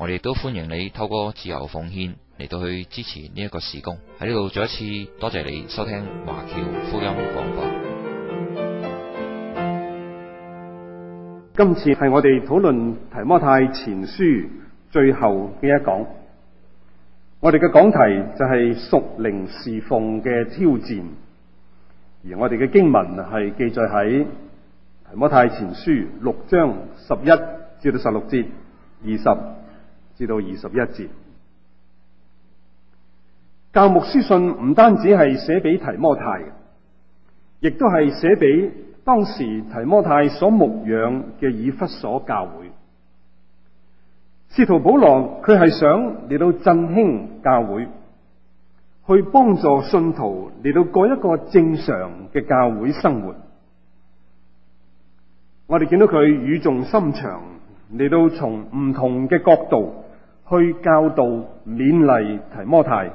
我哋都歡迎你透過自由奉獻嚟到去支持呢一個事工喺呢度。再一次多謝你收聽華僑福音廣播。今次係我哋討論提摩太前書最後嘅一講。我哋嘅講題就係屬靈事奉嘅挑戰，而我哋嘅經文係記載喺提摩太前書六章十一至到十六節二十，至到二十一節，教牧書信唔單止係寫俾提摩太，亦都係寫俾當時提摩太所牧養嘅以弗所教會。使徒保羅佢係想嚟到振興教會，去幫助信徒嚟到過一個正常嘅教會生活。我哋見到佢語重心長，嚟到從唔同嘅角度。去教導勉勵提摩太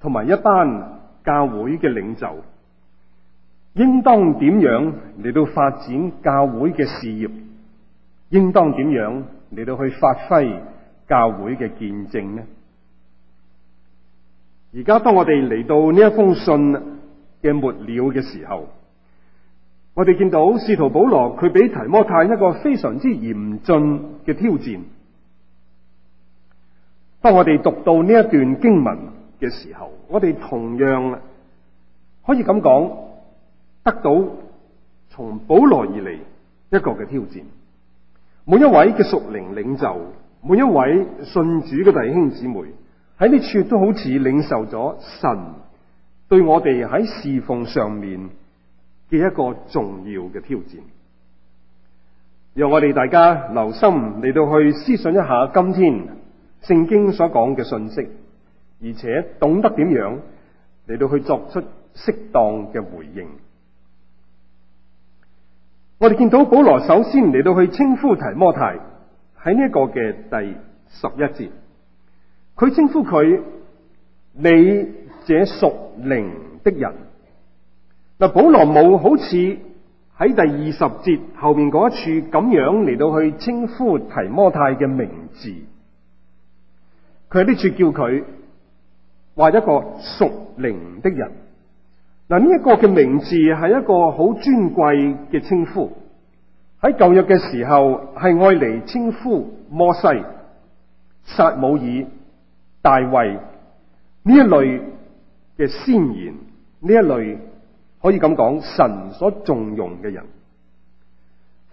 同埋一班教會嘅領袖，應當點樣嚟到發展教會嘅事業？應當點樣嚟到去發揮教會嘅見證呢？而家當我哋嚟到呢一封信嘅末了嘅時候，我哋見到使徒保羅佢俾提摩太一個非常之嚴峻嘅挑戰。當我哋讀到呢一段經文嘅時候，我哋同樣可以咁講，得到從保羅而嚟，一個嘅挑戰。每一位嘅屬靈領袖，每一位信主嘅弟兄姊妹，喺呢處都好似領受咗神對我哋喺侍奉上面嘅一個重要嘅挑戰。讓我哋大家留心嚟到去思想一下，今天。聖經所講嘅信息，而且懂得點樣嚟到去作出適當嘅回應。我哋見到保羅首先嚟到去稱呼提摩太喺呢一個嘅第十一節，佢稱呼佢你這屬靈的人。嗱，保羅冇好似喺第二十節後面嗰一處咁樣嚟到去稱呼提摩太嘅名字。佢呢處叫佢話一個屬靈的人，嗱、這、呢、個、一個嘅名字係一個好尊貴嘅稱呼，喺舊約嘅時候係愛嚟稱呼摩西、撒母耳、大衛呢一類嘅先賢，呢一類可以咁講神所重用嘅人。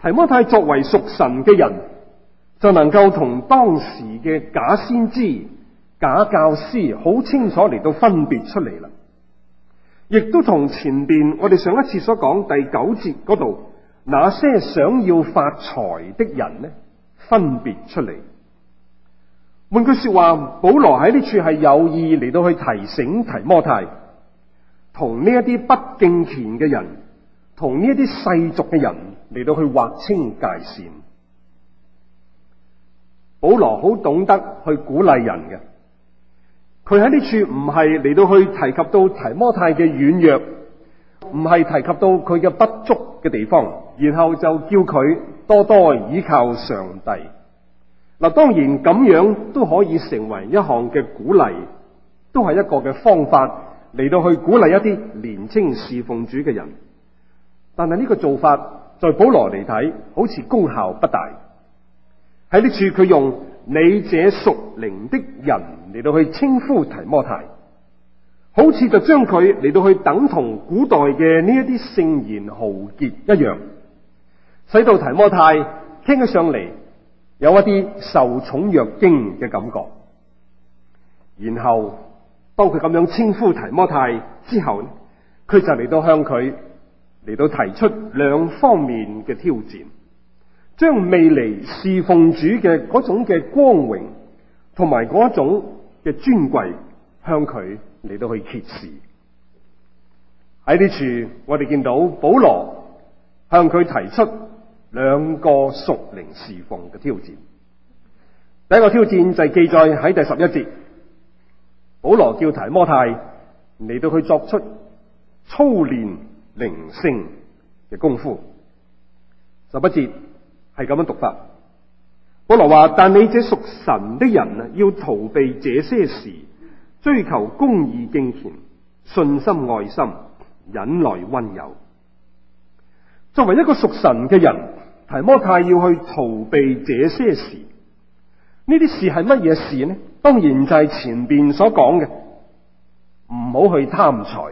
提摩太作為屬神嘅人，就能夠同當時嘅假先知、假教師好清楚嚟到分別出嚟啦，亦都同前邊我哋上一次所講第九節嗰度那些想要發財的人呢，分別出嚟。換句說話，保羅喺呢處係有意嚟到去提醒提摩太，同呢一啲不敬虔嘅人，同呢一啲世俗嘅人嚟到去劃清界線。保羅好懂得去鼓勵人嘅，佢喺呢處唔係嚟到去提及到提摩太嘅軟弱，唔係提及到佢嘅不足嘅地方，然後就叫佢多多倚靠上帝。嗱，當然咁樣都可以成為一項嘅鼓勵，都係一個嘅方法嚟到去鼓勵一啲年青侍奉主嘅人。但係呢個做法，在保羅嚟睇，好似功效不大。喺呢處佢用你這屬靈的人嚟到去稱呼提摩太，好似就將佢嚟到去等同古代嘅呢一啲聖賢豪傑一樣，使到提摩太聽起上嚟有一啲受寵若驚嘅感覺。然後當佢咁樣稱呼提摩太之後，佢就嚟到向佢嚟到提出兩方面嘅挑戰。將未來侍奉主嘅嗰種嘅光榮同埋嗰一種嘅尊貴向佢嚟到去揭示。喺呢處我哋見到保羅向佢提出兩個屬靈侍奉嘅挑戰。第一個挑戰就係記載喺第十一節，保羅叫提摩太嚟到去作出操練靈性嘅功夫。十一節。係咁樣讀法，保羅話：但你這屬神的人啊，要逃避這些事，追求公義、敬虔、信心、愛心、忍耐、溫柔。作為一個屬神嘅人，提摩太要去逃避這些事。呢啲事係乜嘢事呢？當然就係前邊所講嘅，唔好去貪財，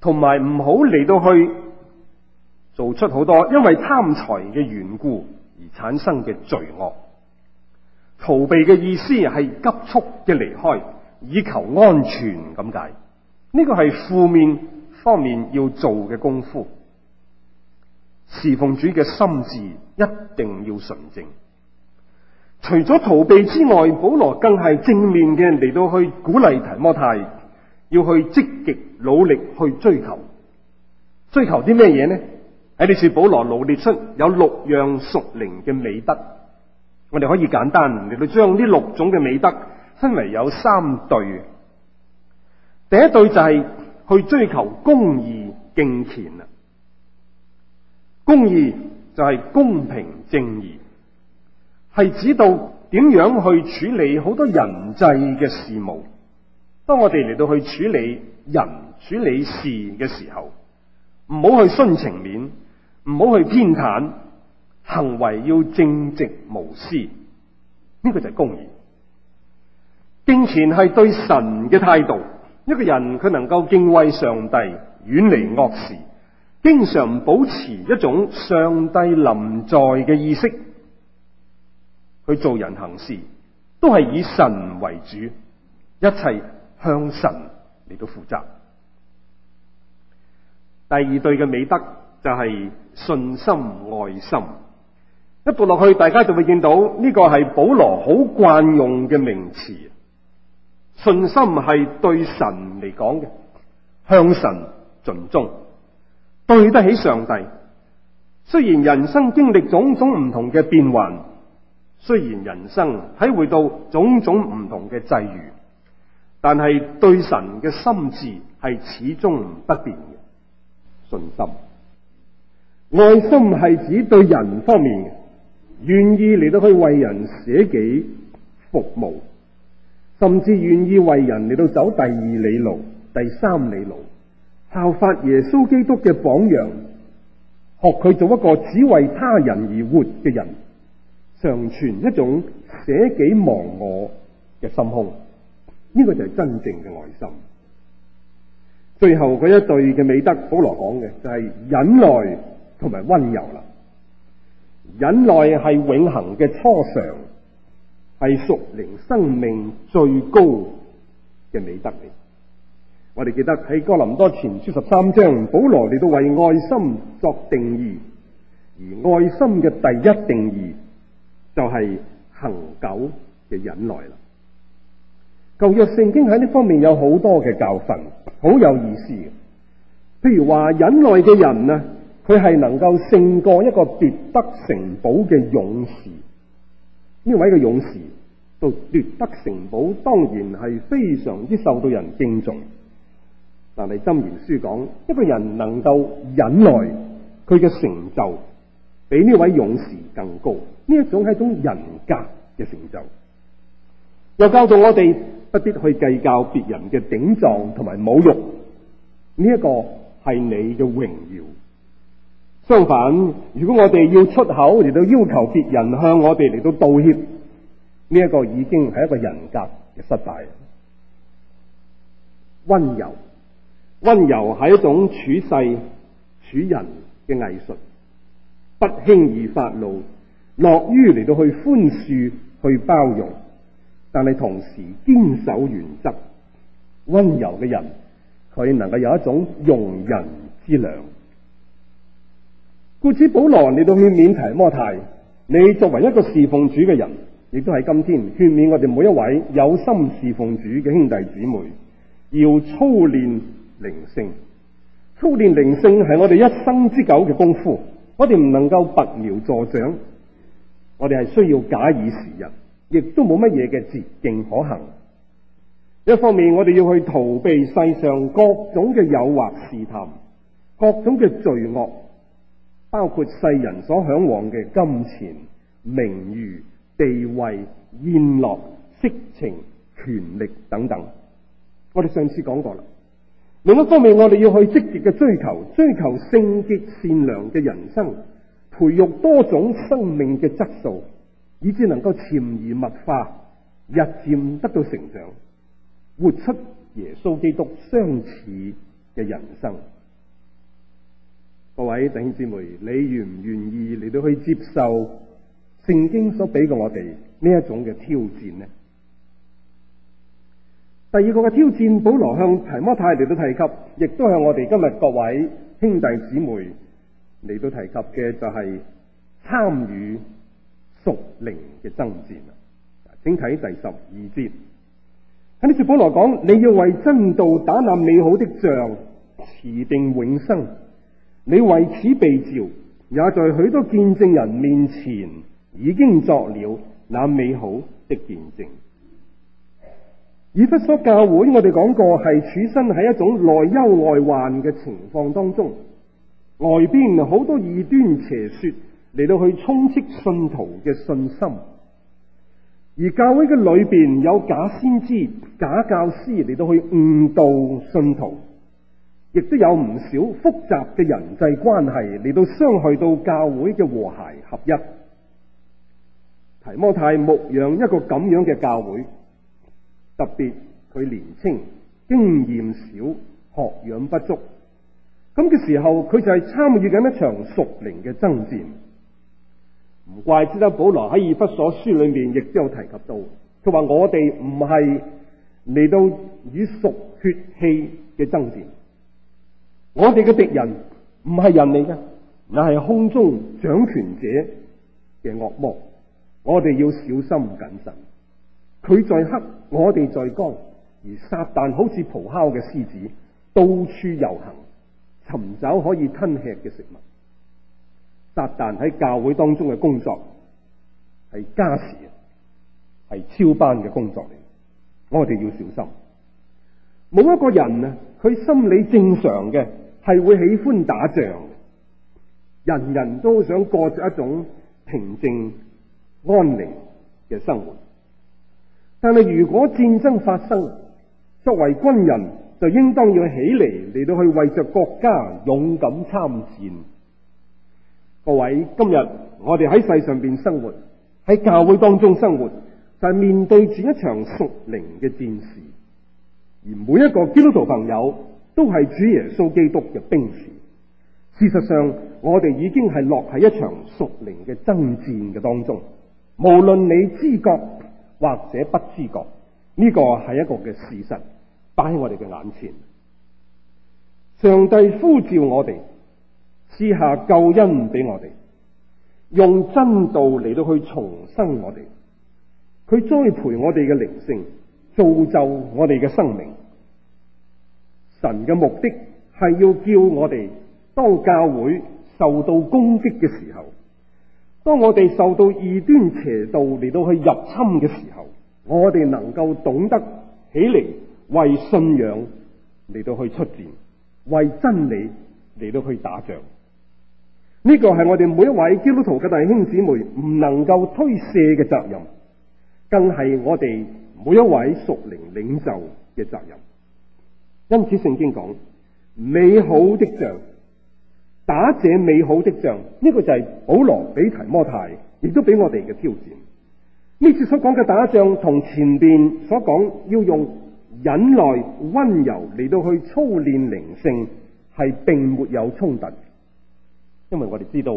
同埋唔好嚟到去做出好多因為貪財嘅緣故。而產生嘅罪惡，逃避嘅意思係急速嘅離開，以求安全咁解。呢個係負面方面要做嘅功夫，侍奉主嘅心志一定要純正。除咗逃避之外，保羅更係正面嘅嚟到去鼓勵提摩太，要去積極努力去追求，追求啲咩嘢呢？喺呢處保羅羅列出有六樣屬靈嘅美德，我哋可以簡單嚟到將呢六種嘅美德分為有三對。第一對就係去追求公義敬虔啊，公義就係公平正義，係指導點樣去處理好多人際嘅事務。當我哋嚟到去處理人處理事嘅時候，唔好去徇情面。唔好去偏袒，行為要正直無私，呢、這個就係公義。敬虔係對神嘅態度，一個人佢能夠敬畏上帝，遠離惡事，經常保持一種上帝臨在嘅意識，去做人行事，都係以神為主，一切向神嚟到負責。第二對嘅美德。就係、是、信心、愛心。一讀落去，大家就會見到呢個係保羅好慣用嘅名詞。信心係對神嚟講嘅，向神盡忠，對得起上帝。雖然人生經歷種種唔同嘅變幻，雖然人生體會到種種唔同嘅際遇，但係對神嘅心智係始終不變嘅信心。愛心係指對人方面，願意嚟到去為人捨己服務，甚至願意為人嚟到走第二里路、第三里路，效法耶穌基督嘅榜樣，學佢做一個只為他人而活嘅人，常存一種捨己忘我嘅心胸。呢個就係真正嘅愛心。最後嗰一對嘅美德，保羅講嘅就係忍耐。同埋溫柔啦，忍耐係永恒嘅初嘗，係屬靈生命最高嘅美德嚟。我哋記得喺哥林多前書十三章，保羅嚟到為愛心作定義，而愛心嘅第一定義就係恒久嘅忍耐啦。舊約聖經喺呢方面有好多嘅教訓，好有意思，譬如話忍耐嘅人啊。佢係能夠勝過一個奪得城堡嘅勇士呢位嘅勇士，到奪得城堡，當然係非常之受到人敬重。但係《箴言書》講，一個人能夠忍耐，佢嘅成就比呢位勇士更高。呢一種係一種人格嘅成就，又教導我哋不必去計較別人嘅頂撞同埋侮辱。呢一個係你嘅榮耀。相反，如果我哋要出口嚟到要求別人向我哋嚟到道歉，呢、這、一個已經係一個人格嘅失敗。溫柔，溫柔係一種處世、處人嘅藝術，不輕易發怒，樂於嚟到去寬恕、去包容，但係同時堅守原則。溫柔嘅人，佢能夠有一種容人之良。故此，保羅嚟到勸勉提摩太，你作為一個侍奉主嘅人，亦都係今天勸勉我哋每一位有心侍奉主嘅兄弟姊妹，要操練靈性。操練靈性係我哋一生之久嘅功夫，我哋唔能夠拔苗助長，我哋係需要假以時日，亦都冇乜嘢嘅捷徑可行。一方面，我哋要去逃避世上各種嘅誘惑試探，各種嘅罪惡。包括世人所向往嘅金錢、名譽、地位、宴樂、色情、權力等等。我哋上次講過啦。另一方面，我哋要去積極嘅追求，追求聖潔善良嘅人生，培育多種生命嘅質素，以致能夠潛移默化，日漸得到成長，活出耶穌基督相似嘅人生。各位弟兄姊妹，你願唔願意嚟到去接受聖經所俾過我哋呢一種嘅挑戰呢？第二個嘅挑戰，保羅向提摩太嚟到提及，亦都向我哋今日各位兄弟姊妹嚟到提及嘅就係參與屬靈嘅爭戰。請睇第十二節，喺呢節保羅講：你要為真道打那美好的仗，持定永生。你為此被召，也在許多見證人面前已經作了那美好的見證。以弗所教會我們，我哋講過係處身喺一種內憂外患嘅情況當中，外邊好多異端邪說嚟到去充斥信徒嘅信心，而教會嘅裏邊有假先知、假教師嚟到去誤導信徒。亦都有唔少複雜嘅人際關係嚟到傷害到教會嘅和諧合一。提摩太牧養一個咁樣嘅教會，特別佢年青、經驗少、學養不足，咁嘅時候佢就係參與緊一場屬靈嘅爭戰。唔怪之得保羅喺以弗所書裏面亦都有提及到，佢話我哋唔係嚟到以屬血氣嘅爭戰。我哋嘅敵人唔係人嚟嘅，乃係空中掌權者嘅惡魔。我哋要小心謹慎。佢在黑，我哋在光。而撒旦好似咆哮嘅獅子，到處遊行，尋找可以吞吃嘅食物。撒旦喺教會當中嘅工作係加時，係超班嘅工作嚟。我哋要小心。冇一個人啊，佢心理正常嘅係會喜歡打仗。人人都想過著一種平靜安寧嘅生活，但係如果戰爭發生，作為軍人就應當要起嚟嚟到去為著國家勇敢參戰。各位，今日我哋喺世上邊生活，喺教會當中生活，就係、是、面對住一場屬靈嘅戰事。而每一個基督徒朋友都係主耶穌基督嘅兵士。事實上，我哋已經係落喺一場屬靈嘅爭戰嘅當中。無論你知覺或者不知覺，呢個係一個嘅事實擺喺我哋嘅眼前。上帝呼召我哋，賜下救恩俾我哋，用真道嚟到去重生我哋，佢栽培我哋嘅靈性。造就我哋嘅生命，神嘅目的係要叫我哋當教會受到攻擊嘅時候，當我哋受到異端邪道嚟到去入侵嘅時候，我哋能夠懂得起嚟為信仰嚟到去出戰，為真理嚟到去打仗。呢個係我哋每一位基督徒嘅弟兄姊妹唔能夠推卸嘅責任，更係我哋。每一位屬靈領袖嘅責任，因此聖經講美好的仗，打者美好的仗，呢、這個就係保羅俾提摩太，亦都俾我哋嘅挑戰。呢次所講嘅打仗，同前邊所講要用忍耐溫柔嚟到去操練靈性，係並沒有衝突，因為我哋知道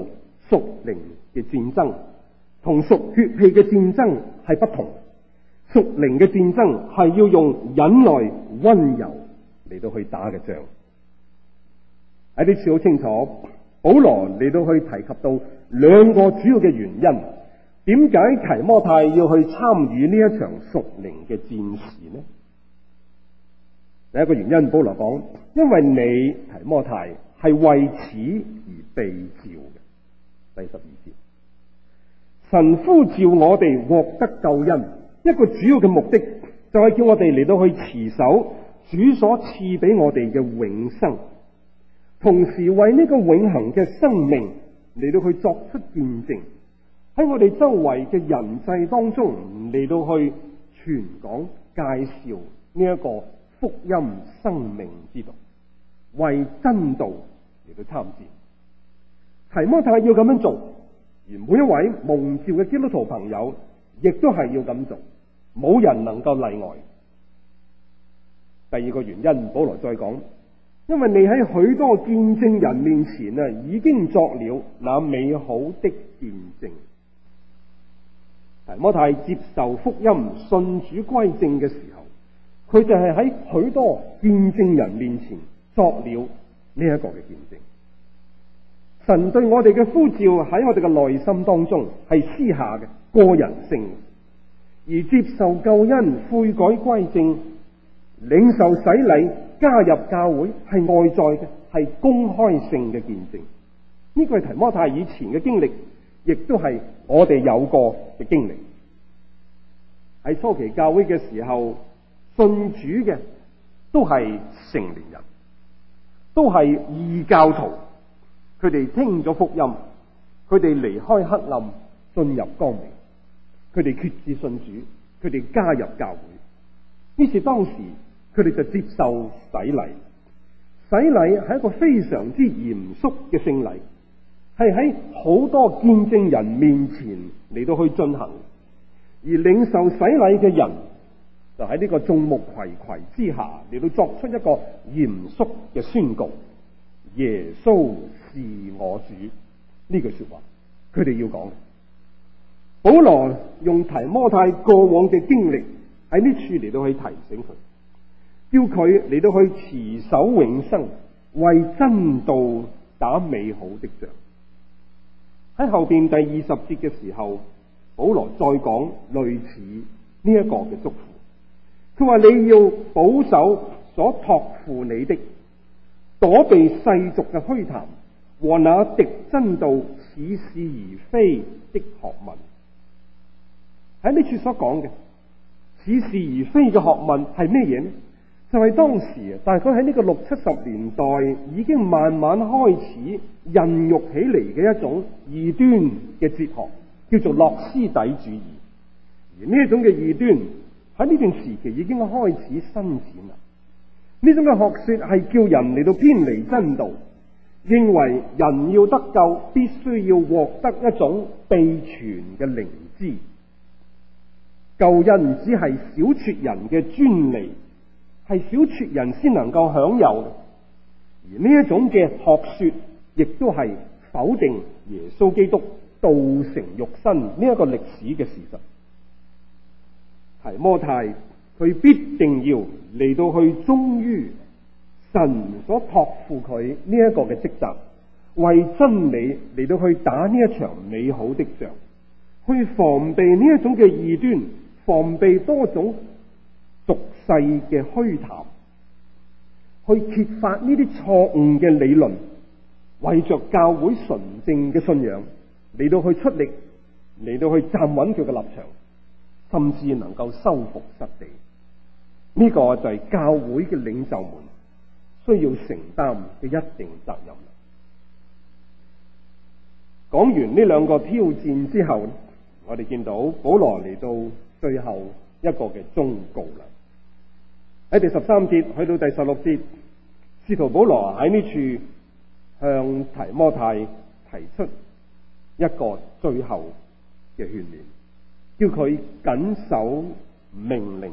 屬靈嘅戰爭同屬血氣嘅戰爭係不同。屬靈嘅戰爭係要用忍耐、溫柔嚟到去打嘅仗。喺呢處好清楚，保羅嚟到去提及到兩個主要嘅原因，點解提摩太要去參與呢一場屬靈嘅戰事呢？第一個原因，保羅講，因為你提摩太係為此而被召嘅。第十二節，神呼召我哋獲得救恩。一個主要嘅目的就係叫我哋嚟到去持守主所賜俾我哋嘅永生，同時為呢個永恒嘅生命嚟到去作出見證，喺我哋周圍嘅人世當中嚟到去傳講介紹呢一個福音生命之道，為真道嚟到參戰。提摩太要咁樣做，而每一位蒙召嘅基督徒朋友亦都係要咁做。冇人能夠例外。第二個原因，保羅再講，因為你喺許多見證人面前啊，已經作了那美好的見證。提摩太接受福音、信主歸正嘅時候，佢就係喺許多見證人面前作了呢一個嘅見證。神對我哋嘅呼召喺我哋嘅內心當中係私下嘅、個人性嘅。而接受救恩、悔改歸正、領受洗禮、加入教會，係外在嘅，係公開性嘅見證。呢個係提摩太以前嘅經歷，亦都係我哋有過嘅經歷。喺初期教會嘅時候，信主嘅都係成年人，都係異教徒，佢哋聽咗福音，佢哋離開黑暗，進入光明。佢哋決志信主，佢哋加入教會，於是當時佢哋就接受洗禮。洗禮係一個非常之嚴肅嘅聖禮，係喺好多見證人面前嚟到去進行，而領受洗禮嘅人就喺呢個眾目睽睽之下嚟到作出一個嚴肅嘅宣告：耶穌是我主。呢句說話，佢哋要講。保羅用提摩太過往嘅經歷喺呢處嚟到去提醒佢，叫佢嚟到去持守永生，為真道打美好的仗。喺後邊第二十節嘅時候，保羅再講類似呢一個嘅祝福。佢話你要保守所託付你的，躲避世俗嘅虛談和那敵真道似是而非的學問。喺呢處所講嘅「似是而非」嘅學問係咩嘢？就係、是、當時啊，大概喺呢個六七十年代已經慢慢開始孕育起嚟嘅一種異端嘅哲學，叫做諾斯底主義。而呢一種嘅異端喺呢段時期已經開始伸展啦。呢種嘅學説係叫人嚟到偏離真道，認為人要得救必須要獲得一種秘傳嘅靈知。救恩唔只係小撮人嘅專利，係小撮人先能夠享有的。而呢一種嘅學説，亦都係否定耶穌基督道成肉身呢一個歷史嘅事實。提摩太，佢必定要嚟到去忠於神所託付佢呢一個嘅職責，為真理嚟到去打呢一場美好的仗，去防備呢一種嘅異端。防備多種俗世嘅虛談，去揭發呢啲錯誤嘅理論，為着教會純正嘅信仰嚟到去出力，嚟到去站穩佢嘅立場，甚至能夠收復失地，呢個就係教會嘅領袖們需要承擔嘅一定責任。講完呢兩個挑戰之後，我哋見到保羅嚟到。最後一個嘅忠告啦，喺第十三節去到第十六節，使徒保羅喺呢處向提摩太提出一個最後嘅勸勉，叫佢緊守命令。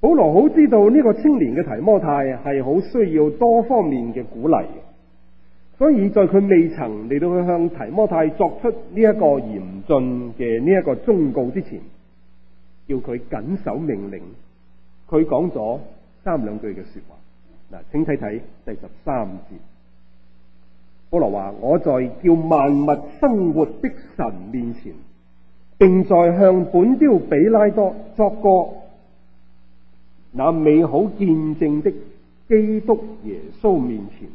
保羅好知道呢個青年嘅提摩太係好需要多方面嘅鼓勵。所以在佢未曾嚟到去向提摩太作出呢一個嚴峻嘅呢一個忠告之前，叫佢謹守命令。佢講咗三兩句嘅說話。嗱，請睇睇第十三節，保羅話：我在叫萬物生活的神面前，並在向本丟彼拉多作過那美好見證的基督耶穌面前，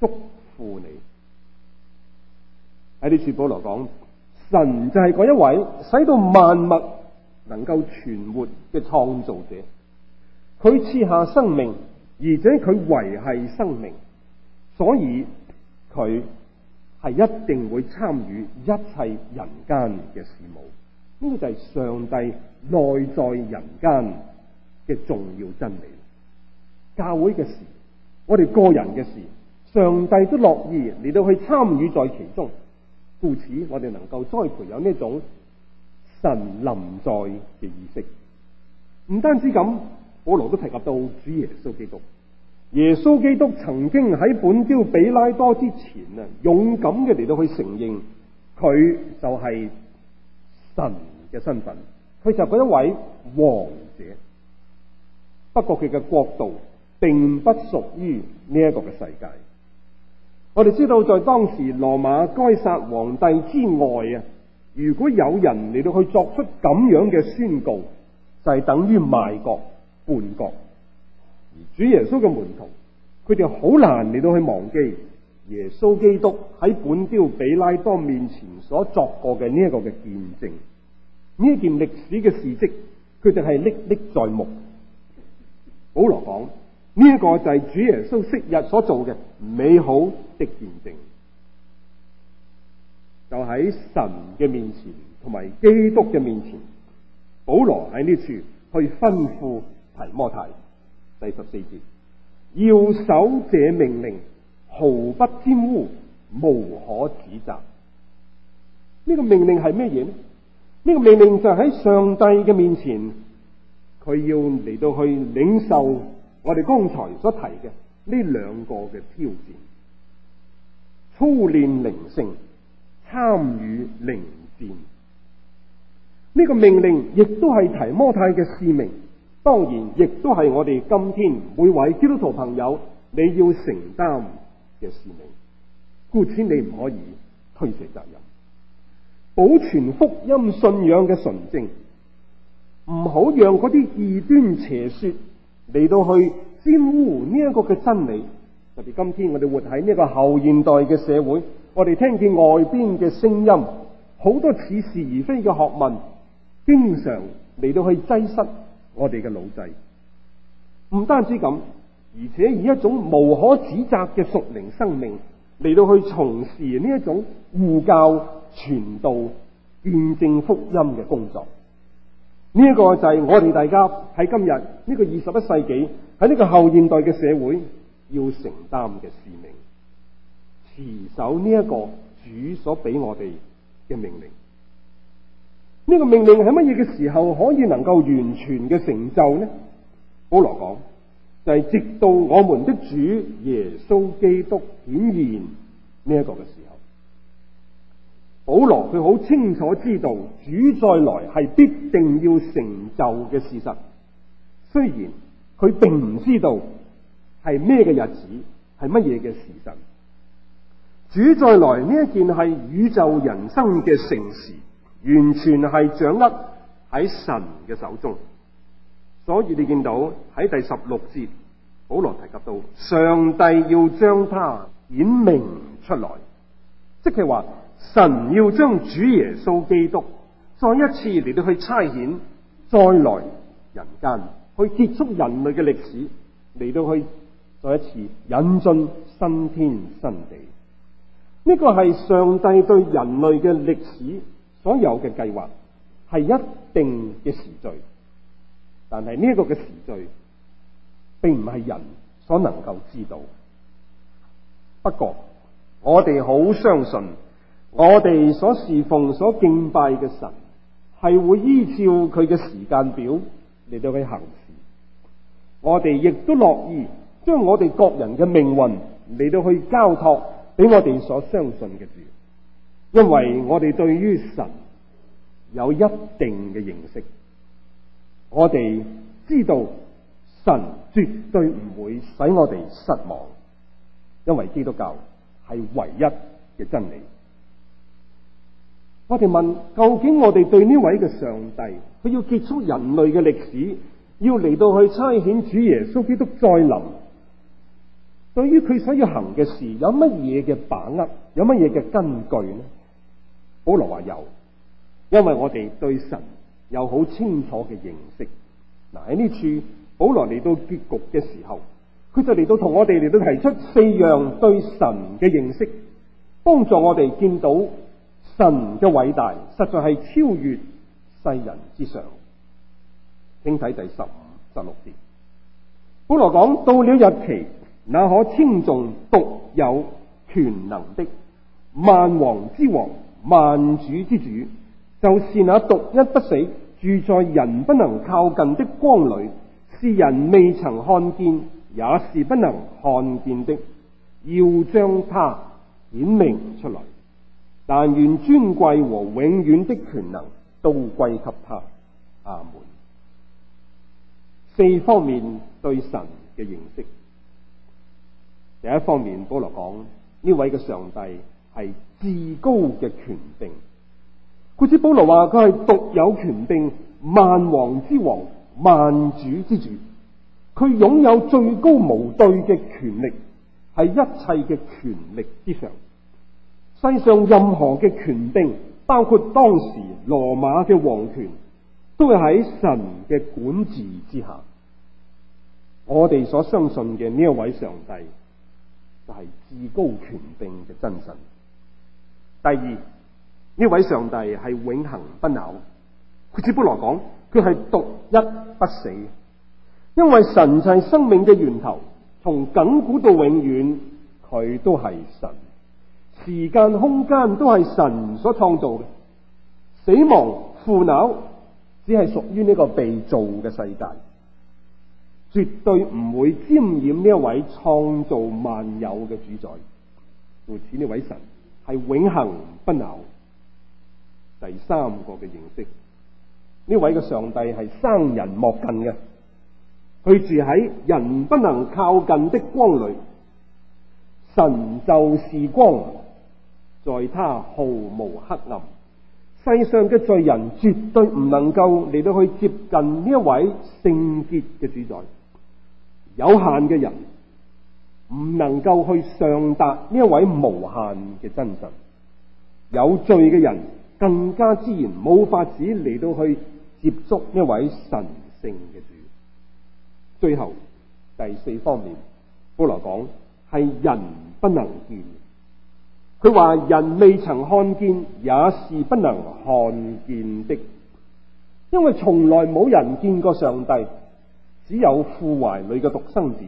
祝。護你。喺呢處保羅講，神就係一位使到萬物能夠存活嘅創造者，佢賜下生命，而且佢維繫生命，所以佢係一定會參與一切人間嘅事務。呢個就係上帝內在人間嘅重要真理。教會嘅事，我哋個人嘅事，上帝都樂意嚟到去參與在其中，故此我哋能夠栽培有呢種神臨在嘅意識。唔單止咁，保羅都提及到主耶穌基督。耶穌基督曾經喺本丟彼拉多之前啊，勇敢嘅嚟到去承認佢就係神嘅身份。佢就係一位王者，不過佢嘅國度並不屬於呢一個嘅世界。我哋知道，在當時羅馬該撒皇帝之外啊，如果有人嚟到去作出咁樣嘅宣告，就係、是、等於賣國叛國。而主耶穌嘅門徒，佢哋好難嚟到去忘記耶穌基督喺本丟彼拉多面前所作過嘅呢一個嘅見證，呢件歷史嘅事蹟，佢哋係歷歷在目。保羅講。呢、這個就係主耶穌昔日所做嘅美好的見證，就喺神嘅面前，同埋基督嘅面前。保羅喺呢處去吩咐提摩太。第十四節，要守這命令，毫不沾污，無可指責。呢個命令係咩嘢呢？呢、這個命令就喺上帝嘅面前，佢要嚟到去領受。我哋剛才所提嘅呢兩個嘅挑戰，操練靈性，參與靈戰，呢、這個命令亦都係提摩太嘅使命，當然亦都係我哋今天每位基督徒朋友你要承擔嘅使命，故此你唔可以推卸責任，保存福音信仰嘅純正，唔好讓嗰啲異端邪說。嚟到去玷污呢一個嘅真理，特別今天我哋活喺呢一個後現代嘅社會，我哋聽見外邊嘅聲音，好多似是而非嘅學問，經常嚟到去擠塞我哋嘅腦際。唔單止咁，而且以一種無可指責嘅屬靈生命嚟到去從事呢一種護教、傳道、見證福音嘅工作。呢一個就係我哋大家喺今日呢個二十一世紀喺呢個後現代嘅社會要承擔嘅使命，持守呢一個主所俾我哋嘅命令。呢個命令喺乜嘢嘅時候可以能夠完全嘅成就呢？保羅講就係直到我們的主耶穌基督顯現呢一個嘅時候。保羅佢好清楚知道主再來係必定要成就嘅事實，雖然佢並唔知道係咩嘅日子，係乜嘢嘅時辰。主再來呢一件係宇宙人生嘅盛事，完全係掌握喺神嘅手中。所以你見到喺第十六節，保羅提及到上帝要將他顯明出來，即係話。神要將主耶穌基督再一次嚟到去差遣，再來人間去結束人類嘅歷史，嚟到去再一次引進新天新地。呢個係上帝對人類嘅歷史所有嘅計劃，係一定嘅時序。但係呢個嘅時序，並唔係人所能夠知道。不過我哋好相信。我哋所侍奉、所敬拜嘅神，係會依照佢嘅時間表嚟到去行事。我哋亦都樂意將我哋各人嘅命運嚟到去交託俾我哋所相信嘅主，因為我哋對於神有一定嘅認識，我哋知道神絕對唔會使我哋失望，因為基督教係唯一嘅真理。我哋問，究竟我哋對呢位嘅上帝，佢要結束人類嘅歷史，要嚟到去差遣主耶穌基督再臨，對於佢想要行嘅事，有乜嘢嘅把握，有乜嘢嘅根據呢？保羅話有，因為我哋對神有好清楚嘅認識。嗱，喺呢處，保羅嚟到結局嘅時候，佢就嚟到同我哋嚟到提出四樣對神嘅認識，幫助我哋見到。神嘅偉大實在係超越世人之上，請睇第十五、十六節。保羅講到了日期，那可稱頌獨有權能的萬王之王、萬主之主，就是那獨一不死、住在人不能靠近的光裏，是人未曾看見，也是不能看見的。要將他顯明出來。但願尊貴和永遠的權能都歸給他。阿門。四方面對神嘅認識，第一方面保羅講呢位嘅上帝係至高嘅權柄。佢知保羅話佢係獨有權柄，萬王之王，萬主之主。佢擁有最高無對嘅權力，係一切嘅權力之上。世上任何嘅權柄，包括當時羅馬嘅皇權，都係喺神嘅管治之下。我哋所相信嘅呢一位上帝，就係、是、至高權柄嘅真神。第二，呢位上帝係永恒不朽。佢只不過講，佢係獨一不死。因為神係生命嘅源頭，從亙古到永遠，佢都係神。時間、空間都係神所創造嘅，死亡、腐朽只係屬於呢個被造嘅世界，絕對唔會沾染呢一位創造萬有嘅主宰。故此呢位神係永恒不朽。第三個嘅認識：呢位嘅上帝係生人莫近嘅，佢住喺人不能靠近的光裏，神就是光，在他毫無黑暗，世上嘅罪人絕對唔能夠嚟到去接近呢一位聖潔嘅主宰。有限嘅人唔能夠去上達呢一位無限嘅真神。有罪嘅人更加自然冇法子嚟到去接觸呢一位神聖嘅主。最後第四方面，保羅講係人不能見。佢話人未曾看見，也是不能看見的，因為從來冇人見過上帝，只有父懷裏嘅獨生子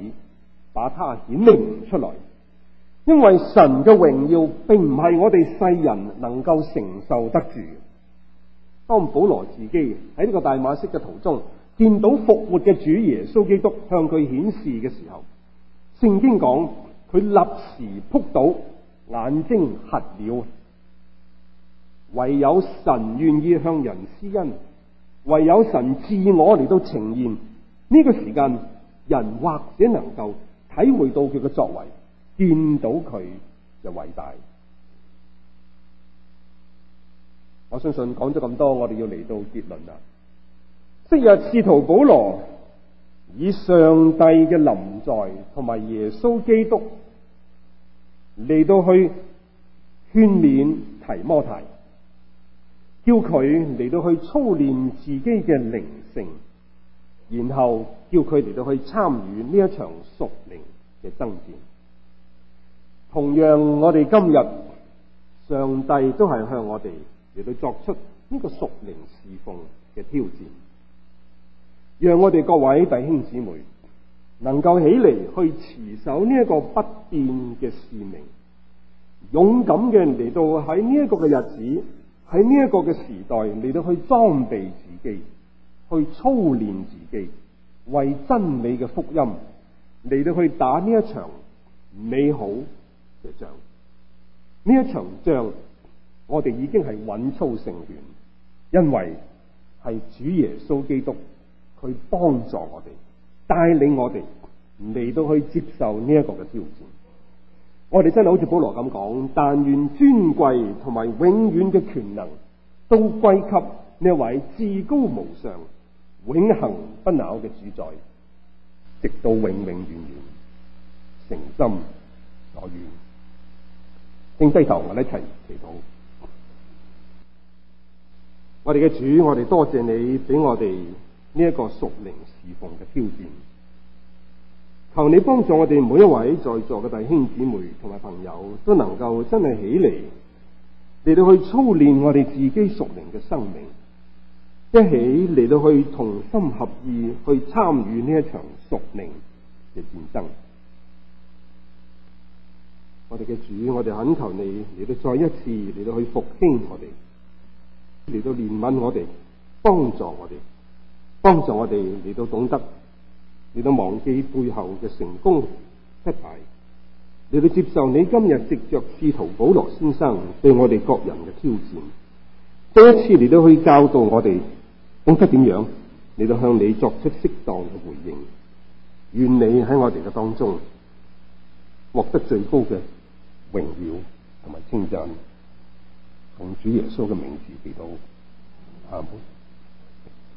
把他顯明出來。因為神嘅榮耀並唔係我哋世人能夠承受得住。當保羅自己喺呢個大馬色嘅途中見到復活嘅主耶穌基督向佢顯示嘅時候，聖經講佢立時撲倒。眼睛黑了，唯有神願意向人施恩，唯有神自我嚟到呈現呢個時間，人或者能夠體會到佢嘅作為，見到佢就偉大。我相信講咗咁多，我哋要嚟到結論啦。昔日使徒保羅以上帝嘅臨在同埋耶穌基督。嚟到去勸勉提摩太，叫佢嚟到去操練自己嘅靈性，然後叫佢嚟到去參與呢一場屬靈嘅爭戰。同樣，我哋今日上帝都係向我哋嚟到作出呢個屬靈事奉嘅挑戰，讓我哋各位弟兄姊妹，能夠起嚟去持守呢一個不變嘅使命，勇敢嘅嚟到喺呢一個嘅日子，喺呢一個嘅時代嚟到去裝備自己，去操練自己，為真理嘅福音嚟到去打呢一場美好嘅仗。呢一場仗，我哋已經係穩操勝券，因為係主耶穌基督佢幫助我哋。帶領我哋嚟到去接受呢一個嘅挑戰，我哋真係好似保羅咁講，但願尊貴同埋永遠嘅權能都歸給呢一位至高無上、永恆不朽嘅主宰，直到永永遠遠，誠心所願。請低頭，我哋一齊祈禱。我哋嘅主，我哋多謝你俾我哋。呢、這、一個屬靈事奉嘅挑戰，求你幫助我哋每一位在座嘅弟兄姊妹同埋朋友都能夠真係起嚟嚟到去操練我哋自己屬靈嘅生命，一起嚟到去同心合意去參與呢一場屬靈嘅戰爭。我哋嘅主，我哋懇求你嚟到再一次嚟到去復興我哋，嚟到憐憫我哋，幫助我哋。幫助我哋嚟到懂得，嚟到忘記背後嘅成功失敗，嚟到接受你今日藉著使徒保羅先生對我哋各人嘅挑戰，多次嚟到可以教導我哋，懂得點樣嚟到向你作出適當嘅回應。願你喺我哋嘅當中獲得最高嘅榮耀同埋稱讚，同主耶穌嘅名字祈禱平